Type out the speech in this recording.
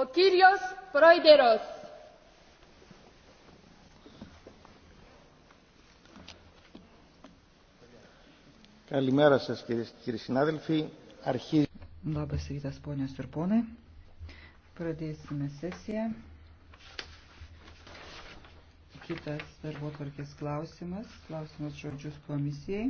Ο κύριος Πρόεδρος. Καλημέρα σας κύριε, κύριοι συνάδελφοι. Αρχίζει... Labas rytas, ponios ir ponai. Pradėsime sesiją. Kitas darbo tvarkės klausimas. Klausimas žodžius komisijai.